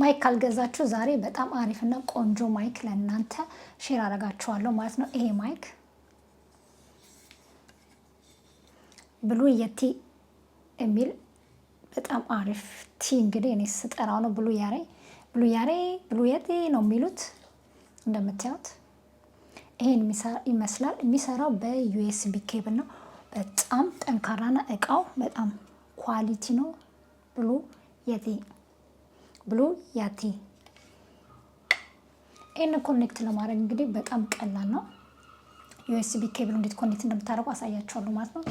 ማይክ ካልገዛችሁ ዛሬ በጣም አሪፍና ቆንጆ ማይክ ለእናንተ ሼር አደርጋችኋለሁ ማለት ነው። ይሄ ማይክ ብሉ የቲ የሚል በጣም አሪፍ ቲ እንግዲህ እኔ ስጠራው ነው ብሉ ያሬ ብሉ ያሬ ብሉ የቲ ነው የሚሉት እንደምታዩት ይሄን ይመስላል። የሚሰራው በዩኤስቢ ኬብል ነው። በጣም ጠንካራና እቃው በጣም ኳሊቲ ነው ብሉ የቲ ብሉ ያቲ። ኤን ኮኔክት ለማድረግ እንግዲህ በጣም ቀላል ነው። ዩኤስቢ ኬብል እንዴት ኮኔክት እንደምታደርጉ አሳያችኋለሁ ማለት ነው።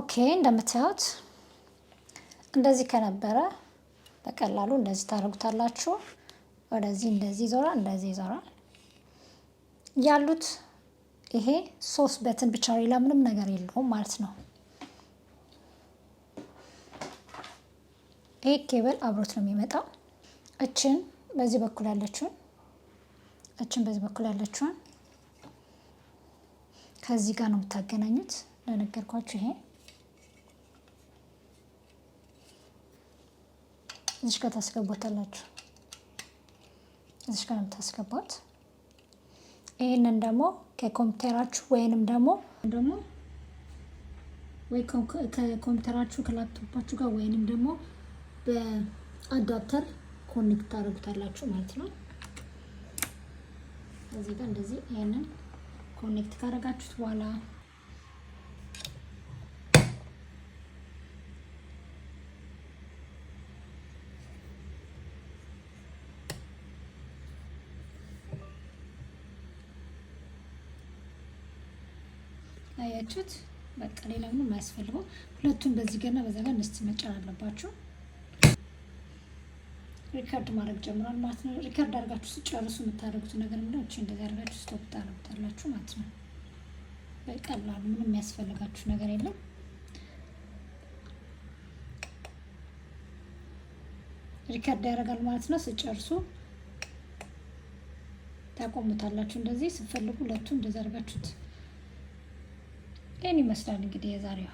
ኦኬ እንደምታዩት እንደዚህ ከነበረ በቀላሉ እንደዚህ ታደርጉታላችሁ። ወደዚህ እንደዚህ ይዞራል፣ እንደዚህ ይዞራል። ያሉት ይሄ ሶስት በትን ብቻ ሌላ ምንም ነገር የለውም ማለት ነው። ይሄ ኬብል አብሮት ነው የሚመጣው። እችን በዚህ በኩል ያለችውን እችን በዚህ በኩል ያለችውን ከዚህ ጋር ነው የምታገናኙት። ለነገርኳችሁ ይሄ እዚሽ ጋር ታስገቦታላችሁ። እዚሽ ጋር ነው የምታስገቧት። ይህንን ደግሞ ከኮምፒውተራችሁ ወይንም ደግሞ ደግሞ ወይ ከኮምፒውተራችሁ ከላፕቶፓችሁ ጋር ወይንም ደግሞ በአዳፕተር ኮኔክት ታደርጉታላችሁ ማለት ነው። እዚህ ጋር እንደዚህ ይሄንን ኮኔክት ካደረጋችሁት በኋላ አያችሁት? በቃ ሌላ ምንም አያስፈልገው። ሁለቱን በዚህ ገና በዛ ጋር እንስት መጫን አለባችሁ። ሪከርድ ማድረግ ጀምሯል ማለት ነው። ሪከርድ አድርጋችሁ ስጨርሱ የምታደርጉት ነገር ምንድነው? እቺ እንደዚህ አድርጋችሁ ስቶፕ ታደርጉታላችሁ ማለት ነው። በቀላሉ ምንም የሚያስፈልጋችሁ ነገር የለም። ሪከርድ ያደርጋል ማለት ነው። ስጨርሱ ታቆሙታላችሁ። እንደዚህ ስትፈልጉ ሁለቱ እንደዚህ አድርጋችሁት ይህን ይመስላል እንግዲህ የዛሬው